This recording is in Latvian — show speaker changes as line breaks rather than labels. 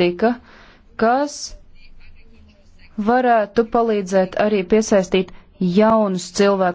politika, kas varētu palīdzēt arī piesaistīt jaunus cilvēkus.